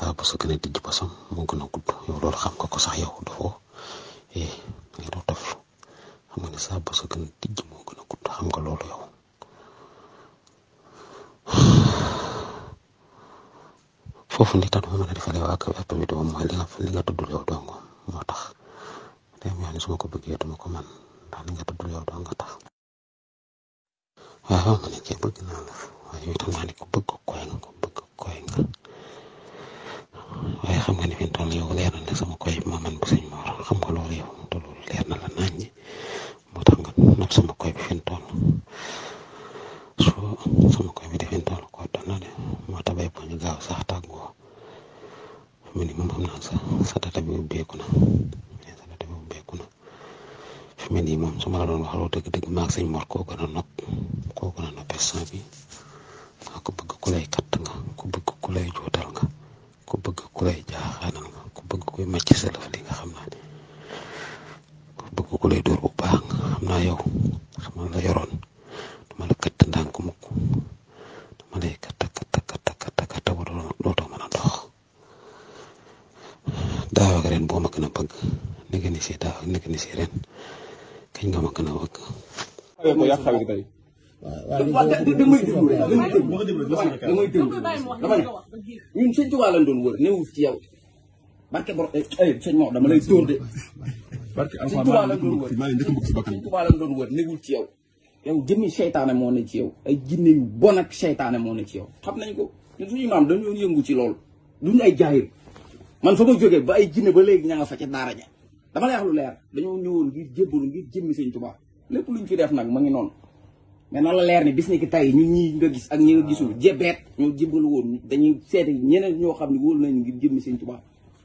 sa bu que gëna dijj basam mo gëna gudd yow lool xam nga ko sax yow do fo e ngi do taf xam nga sa bu parce gëna dijj mo gëna gudd xam nga lool yow fofu ni tan na defal waa ak app bi do mo li nga li nga tuddul yow dong moo tax dem yoon su ma ko bëggee dama ko man ndax li nga tuddul yow dong nga tax waaw ma ne kee bëgg naa la waaye yow tam naa ni ko bëgg koy nga ko bëgg koy nga xam nga ni fi toll yow leer na sama koy ma man bu sëñ moor xam nga loolu yow mu leer na la nañ tax nga sama koy bi fi sama koy bi di fi ko dana de moo tax bay bañ gaaw sax tàggoo mu ni moom xam naa sa sa data bi ubbeeku na sa data bi ubbeeku na fi mu nii moom doon wax loolu bi bëgg lay nga kulay lay nga ku bëgg koy mecc sa lëf li nga xamna ku bëgg ku lay door bu baax nga xamna yow xamna naa la yoroon dama la katt mu ko dama lay katt katt katt katt katt ba do mën mëna dox daaw ak ren bo ma gëna bëgg nekk ni ci daaw ak ni si ren kañ nga ma gëna a ay ko yàq xarit tey damay déglu rek damay déglu damay déglu dama ne ñun sëñ Tuubaa doon wër newul ci yow barke bor ay eh, eh, moo dama lay tóor de sëñ Tuubaa lañ doon wër sëñ Tuubaa ci yow yow jëmmi seytaane moo ne ci yow ay jinne yu bon seytaane moo ne ci yow xam nañ ko ñun suñu yëngu ci loolu duñu ay jaayir man fa ma ba ay jinne ba léegi ña nga fa ca daara ja lu leer dañoo ñëwoon ngir jébbalu ngir jëmmi sëñ Tuubaa lépp luñ fi def nag ma ngi noonu mais noonu la leer ni bis ni ki tay ñi ñi nga gis ak ñi nga gisul jebet ñu jibul woon dañuy sét ñeneen ño xamni ne nañ nañu ngir jëmmi sëñ Tuubaa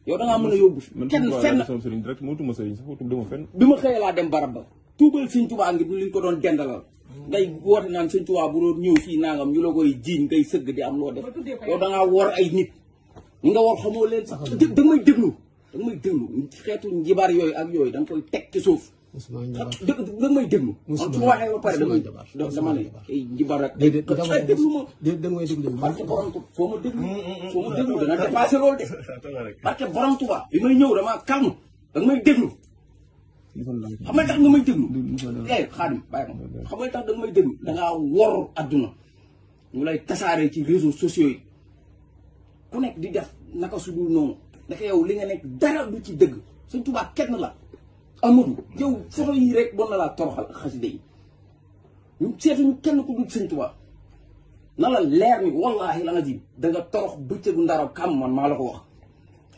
yow da nga mëna yobbu yóbbu kenn fenn sama sëriñ direct mo tuma sëriñ sax tuma dama fenn bi ma la dem barab ba tuubal sëñ Tuubaa ngir liñ ko doon dendalal ngay woote nan sëñ Tuubaa bu doon ñew fi nangam ñu la koy jiñ ngay sëgg di am lo def yow da nga wor ay nit ñi nga wor xamoo leen sax ah, da nga may déglu da nga may déglu xeetu njibaar yooyu ak yoy da nga koy teg ci suuf Ousmane Ndiabar da may déglu. Ousmane Ousmane Ndiabar dama ne Ndiabar rek. déedéet déglu ma déedéet da nga may déglu. parce que eh, borom tuba foo ma déglu. Mm, mm, mm, foo ma déglu dana dépassé loolu de. parce que borom tuba bi may ñëw dama calme da nga may déglu. xam nga tax nga may déglu. eh Xaadim xam nga tax da nga may déglu da ngaa wor adduna. ñu lay tasaaree ci réseaux sociaux yi ku nekk di def naka su dul noonu. naka yow li nga nekk dara du ci dëgg Sëñ tubaa kenn la. Amadou yow photo yi rek bon na laa toroxal xasida yi ñu seetuñu kenn ku dul sëñ Tuubaa na la leer ni wallaahi la nga ji da nga torox bëccëgu ndaraw kam man maa la ko wax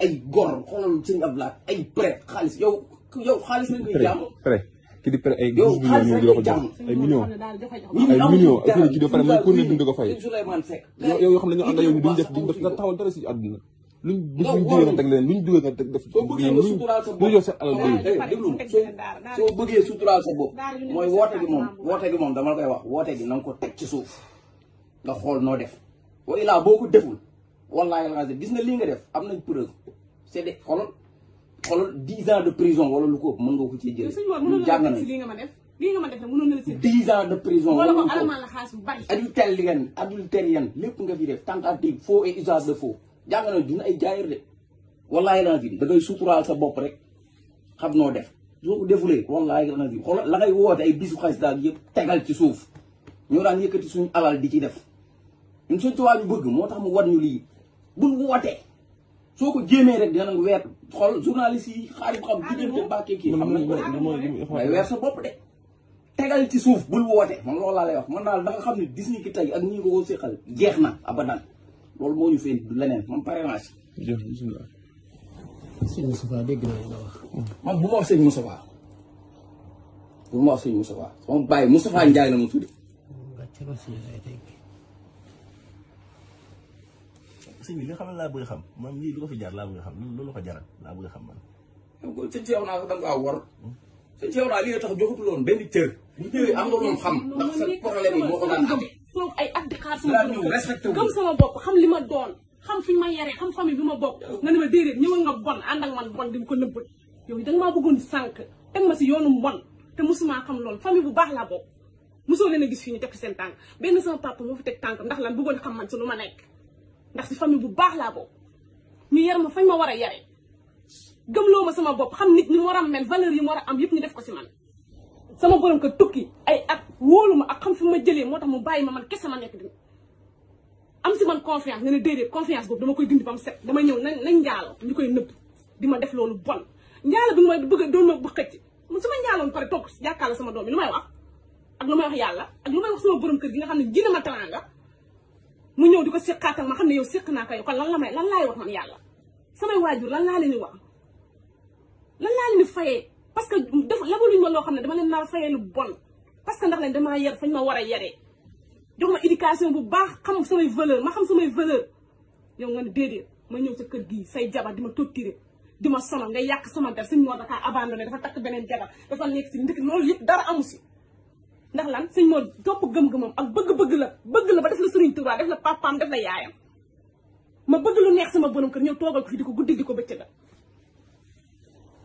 ay gor xoolal sëñ Abdoulaye ay prêt xaalis yow xaalis lañ koy jàmm ay douze ay millions ay millions ak ki nga taxawal dara si àdduna lu dugal nga teg leen luñ dugal nga def. soo bëggee suturaal sa bopp mooy woote gi moom moom dama la koy wax woote gi na nga ko teg suuf nga xool noo def. wa ilaa boo ko deful wallaahi la gis nga lii nga def am nañ preuve c'est de xoolal xoolal dix ans wala lu ko ëpp mën nga ko cee jëlee. ñu jàng nañ lii nga ma def lii nga ma def mënoon na de prison wala ko alamaan la lépp nga fi def tentative faux et usage de faux jàngale duñu ay jaayir de wallaahi la nga da ngay sa bopp rek xam noo def soo ko defulee wallaahi la nga xoolal la ngay woote ay bisu xaalis daal yëpp tegal ci suuf ñoo daan yëkkati suñu alal di ci def ñun suñ tubaab ñu bëgg moo tax mu war ñu lii buñ wootee soo ko jéemee rek dinañ weer xool journaliste yi xaalis xam diggante bàkkee kii xam nañ ko de weer bopp de tegal ci suuf bul woote man wax man daal nga xam ne dis ni ki tey ak ñi nga ko séqal jeex na abadan loolu moo ñu fay leneen man pare naa si. sëñ Moustapha dégg naa la wax. man bu ma wax sëñ Moustapha ma wax sëñ Moustapha la ma tudde. sëñ bi li xam laa bëgg xam man lii lu ko fi jar laa bëgg xam loolu ko xam man. donc sëñ Cheikh naa ko da nga kaa war sëñ naa li nga tax joxutu loon benn cër. bu ñëwee am nga loon xam ndax sa problème yi moo ko toog ay at di xaar sama bopp gëm sama bopp xam li ma doon xam fi ma yare xam famille bi ma bokk nga ne ma déedéet ñëwal nga bon ànd ak man bon di ko nëbb yow da nga maa bëggoon sànq teg ma si yoonu mbon te mosuma xam loolu famille bu baax laa bokk mosoo leen a gis fii ñu benn sama papa moo fi teg tànk ndax lan bëggoon xam man si ma nekk ndax si famille bu baax laa bokk ñu yar ma fañ ma war a yare gëmloo ma sama bopp xam nit ñi mu war a mel valeur yi mu war am yëpp ñu def ko si man sama borom ko tukki ay at wóolu ma ak xam fi ma jëlee moo tax mu bàyyi ma man kese ma nekk di am si man confiance nga ne déedéet confiance boobu dama koy dindi ba mu set damay ñëw nañ nañ njaalo ñu koy nëbb di ma def loolu bon njaalo bi ma bëgg doon ma bu xëcc man su ma njaaloon pare sama doom bi may wax ak lu may yàlla ak lu may wax sama kër gi nga xam ne jina ma teraanga mu ñëw di ko seqaat ak ma xam ne yow seq naa ka yow kon lan la laay wax man yàlla samay waajur lan laa leen di wax lan laa leen di parce que def labaluñ ma loo xam ne dama leen nar a fayee lu bon parce que ndax leen damaa yar fañ ma war a yaree jox ma éducation bu baax xam samay valeur ma xam samay valeur yow nga ne déedéet ma ñëw sa kër gii say jabar di ma torturer di ma sonal nga yàq sama der sëñ Mor dafa abandonné dafa takk beneen jabar dafa nekk si ndëkk loolu yëpp dara amu si ndax lan sëñ Mor topp gëm-gëmam ak bëgg-bëgg la bëgg la ba def la sëriñ Tuubaa def la papaam def la yaayam ma bëgg lu neex sama borom kër ñëw toogal ko fi di ko guddi di ko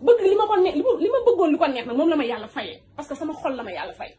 bëgg li ma ko ma bëggoon li ko neex nag moom la ma yàlla fayee parce que sama xol la ma yàlla fay